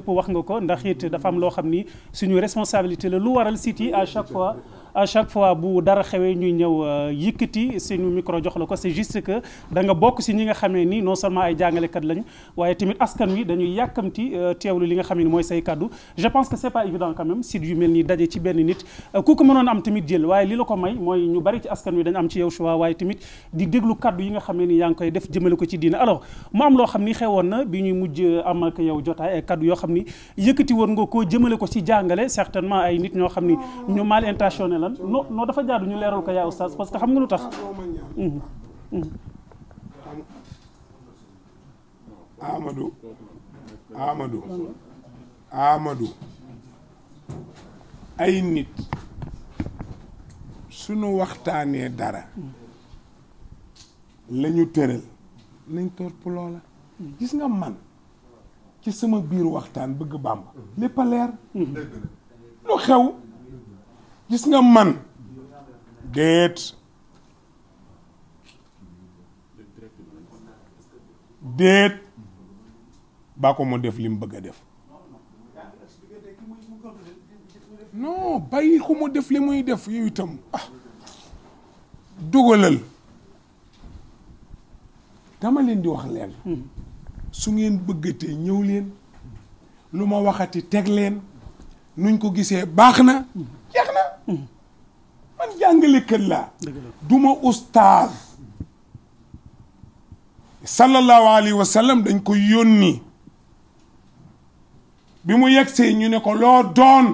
ëpp wax nga ko ndax it dafa am loo xam ni suñu responsabilité la lu waral site à chaque fois à chaque fois bu dara xewee ñuy ñëw euh, yëkkati suñu micro jox la ko c'est juste que da nga bokk si ñi nga xamee ni non seulement ay jàngalekat lañu waaye tamit askan wi dañuy yàkkamti euh, teewlu li nga xam ne mooy say kaddu je pense que c'est pas évident quand même si yu mel ni daje ci benn nit euh, ku ko mënoon am waaye li la ko may mooy ñu bari ci askan wi dañu am ci yow choix waaye tamit di déglu kaddu yi nga ni yaa ngi koy def jëmale ko ci diina alors mu am loo xam ni xewoon na bi ñuy mujj am ak yow jotaay ay kaddu yoo xam ni yëkkati woon nga koo jëmale ko ci jàngale certainement ay nit ñoo xam ni oh. ñu mal intentionné no non non dafa jaadu ñu leeral ko yaa oustaz parce que xam nga lu tax. Amadou Amadou Amadou ay nit sunu waxtaanee dara la ñu tëral nañ topp loola gis nga man ci sama biir waxtaan bëgg Bàmba lépp a leer mm-hmm. lu xew gis nga man déet déet baa ko moo def li mu bëgg a def non bàyyi ko mu def li muy def yow itam ah. dugalal dama leen di wax leen hmm. su ngeen bëggatee ñëw leen lu ma waxati teg leen nuñ ko gisee baax na hmm. man jàngalekat laa du ma ustaaz sallallahu alayhi wa sallam dañ ko yónni bi mu yegsee ñu ne ko loo doon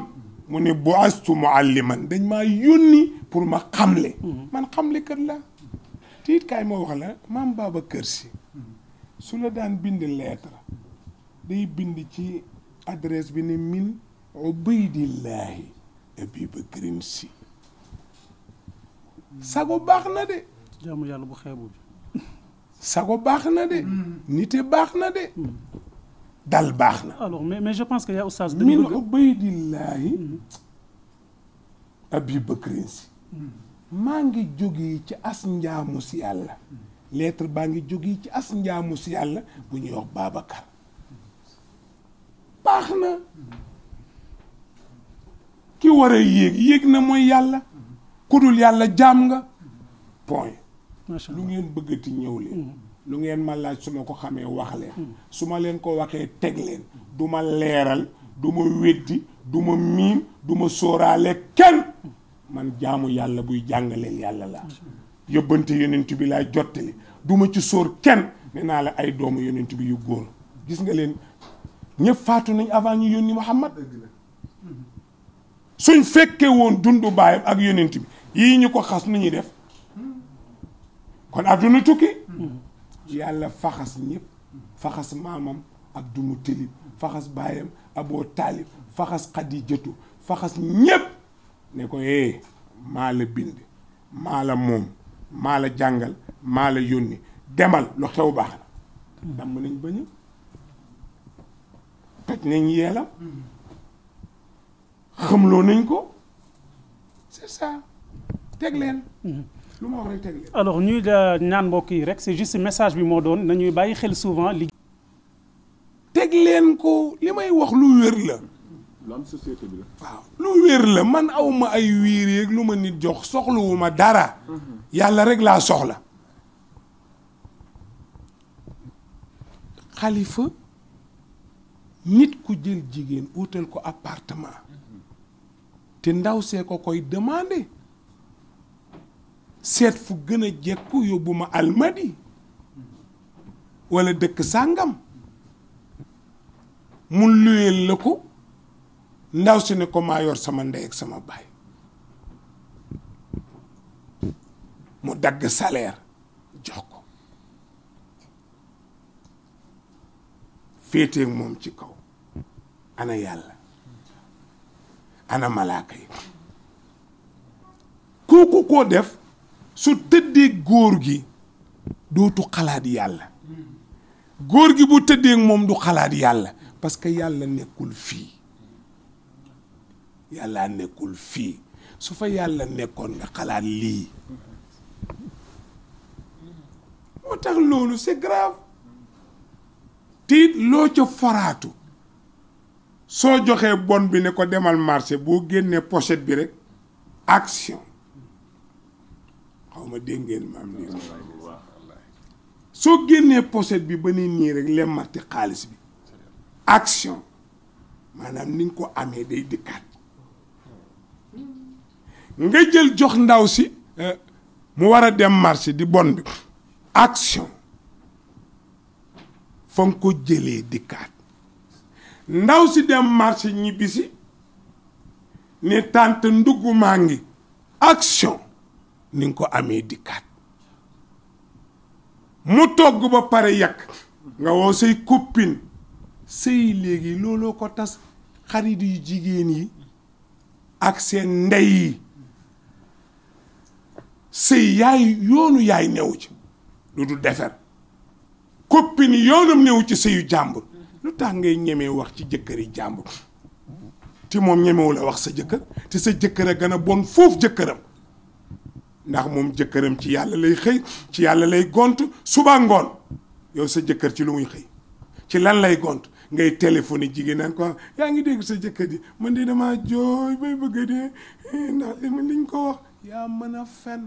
mu ne bu mualliman dañ maa yónni pour ma xamle mm-hmm. man xamlekat laa te it kaay moo wax la maam Babacar Si su la daan bind lettre day bind ci adresse bi ne min ubaydillahi et puis ba green si sago baax na de jaamu yàlla bu xeebu bi sago baax na de nite baax na de dal baax na alors mais mais je pense que yaa oustaz min ubaydillaahi hmm. abi bakrin si hmm. maa ngi jógee ci as njaamu si yàlla hmm. lettre baa ngi jógee ci as njaamu si yàlla bu ñuy wax Babacar baax na ki war a yéeg yéeg na mooy yàlla kudul yàlla jaam nga point lu ngeen bëggati ñëw leen mm-hmm. lu ngeen ma laaj su ma ko xamee wax leen mm-hmm. su ma leen ko waxee teg leen du ma leeral du ma weddi du ma miim du ma sóoraale kenn man jaamu yàlla buy jàngaleel yàlla laa yóbbante yonent bi laay jottali du ma ci soor kenn ne naa la ay doomu yonent bi yu góor gis nga leen ñëpp faatu nañ avant ñu yónni Muhammad suñ fekkee woon dundu baayam ak yonent bi yii ñu ko xas nu ñuy def kon adduna tukki yàlla faxas ñëpp faxas maamam abdu tëlib faxas baayam aboo taalib faxas xadijatu faxas ñëpp ne ko eh maa la bind maa la moom maa la jàngal maa la yónni demal lu xew baax na damm nañ ba ñëw toj nañ yeelam xamloo nañ ko c'est ça teg leen. lu ma wax rek alors ñuy da ñaan mbokk yi rek c'est juste message bi moo doon nañuy bàyyi xel souvent li. teg leen ko li may wax lu wér la. lu am société man awma ay wiir yeeg lu ma nit jox soxlawu dara. Mhm. yàlla rek laa soxla. xalifa nit ku jël jigéen wutal ko appartement. te ndaw see ko koy demandé seet fu gën a jekku yóbbu ma almadi wala dëkk sàngam mu luyeel la ko ndaw si ne ko maa yor sama ndey ak sama baay mu dagg saleer jox ko féeteeg moom ci kaw ana yàlla ana malaaka yi kooku koo def su tëddee góor gi dootu xalaat yàlla góor gi bu tëddee moom du xalaat yàlla parce que yàlla nekkul fii yàlla nekkul fii su fa yàlla nekkoon nga xalaat lii moo tax loolu c'est grave te loo ca foraatu soo joxee bon bi ne ko demal marché boo génnee pochette bi rek action xaw ma soo génnee pochette bi ba ni nii rek lemmati xaalis bi action maanaam ni nga ko amee day dikkaat nga jël jox ndaw si eh, mu war a dem marché di bon bi action fa nga ko jëlee dikkaat ndaw si dem marché ñibbisi ne tànt ndugg maa ngi action ni nga ko amee dikkaat mu togg ba pare yàkk nga woo say copine sëy léegi looloo ko tas xarit yu jigéen yi ak seen ndey yi sëy yaay yoonu yaay newu ci lu du defer copine yoonam newu ci sëyu jàmbur lu tax ngay ñemee wax ci jëkkëri jàmbur te moom ñemewu la wax sa jëkkër te sa jëkkër a gën a bon foofu jëkkëram ndax moom jëkkëram ci yàlla lay xëy ci yàlla lay gont suba ngoon yow sa jëkkër ci lu muy xëy ci lan lay gont ngay téléphoné jigéen naan ko yaa ngi dégg sa jëkkër ji man de damaa jooy bay bëgg dee ndax li liñ ko wax yaa mën a fen